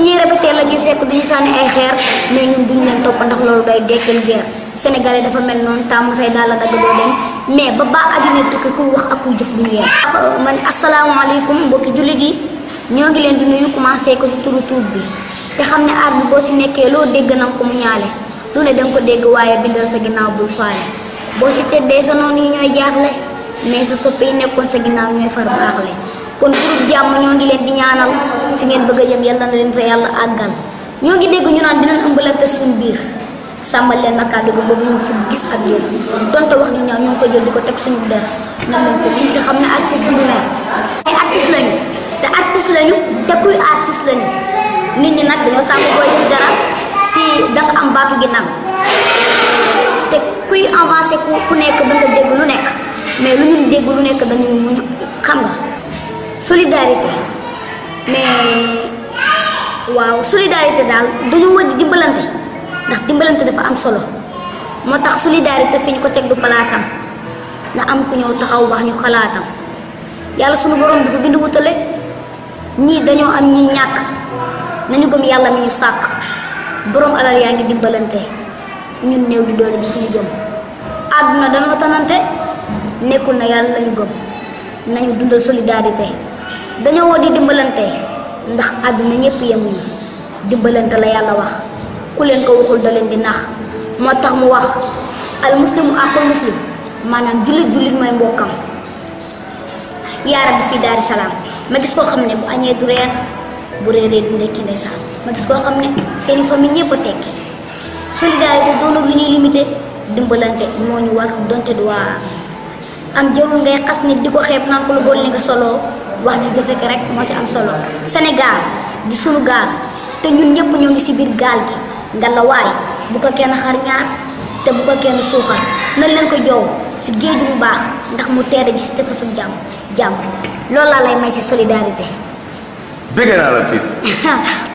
fi ñuy répété la ñuy fekk du ñu sànni ay xeer mais ñun duñ leen topp ndax loolu day deccal guerre sénégalais dafa mel noonu tàmm say daal dagg doo dem mais ba baa àddina ak kuy jëf du ñu yem. ndax man asalaamaaleykum mbokki jullit ñoo ngi leen di nuyu commencé ko ci turu bi te xam ne aar boo ci nekkee dégg na ko mu ñaale lu ne danga ko dégg waaye bindal sa ginnaaw bul faale boo ci teddee sa noonu yi ñooy jaaxle mais sa soppe yi nekkoon sa ginnaaw ñooy far baaxle. kon groupe jàmm ñoo ngi leen di ñaanal fi ngeen bëgg a jëm yàlla na leen fa yalla aggal ñoo ngi dégg ñu naan dinañ ëmbalante suñu biir sama leen ak kàddu bu ñu fi gis ab diir donte wax ñu ñaaw ñoo ko jël diko tek suñu der na leen ko biñ te xamna artiste du may ay artiste lañu te artiste lañu te kuy artiste lañu nit ñi nak dañu tàmm booy jël dara si da nga am baatu ginnaaw te kuy avancer ku nekk da nga dégg lu nekk mais lu ñu dégg lu nekk dañuy muñu solidarité mais waaw solidarité daal dañoo war di dimbalante ndax dimbalante dafa am solo moo tax solidarité fi ñu ko teg du palaasam na am ku ñëw taxaw wax ñu xalaatam yàlla sunu borom dafa bind wutale ñii dañoo am ñii ñàkk nañu gëm yàlla mi ñu sàkk borom alal yaa ngi dimbalante ñun néew di doole ji fi jëm àdduna danoo tanante nekkul na yàlla lañu gëm nañu dundal solidarité dañoo war di dimbalante ndax àdduna ñëpp yemuñu dimbalante la yalla wax ku leen ko waxul da di nax mu wax al muslimu akul muslim manam julit julit moy mbokam ya rabbi fi dar salam ma gis ko xamne bu agne du reer bu réeree du ndekki ndeysaan ma gis ko xamne ne seeni famille ñëpp a solidarité lu ñuy limité dimbalante moñu war donte do am jarul ngay xass ni di xép nan ko lu bol li nga solo wax ju jëfe ko rek moo ci am solo Sénégal di sunu gaal te ñun ñëpp ñoo ngi ci biir gaal gi nga la waay bu ko kenn xar te bu ko kenn suuxal nañ leen ko joow ci géeju mu baax ndax mu teere ji ci tefesu jàmm jàmm loolu laa lay may ci solidarité. bëgg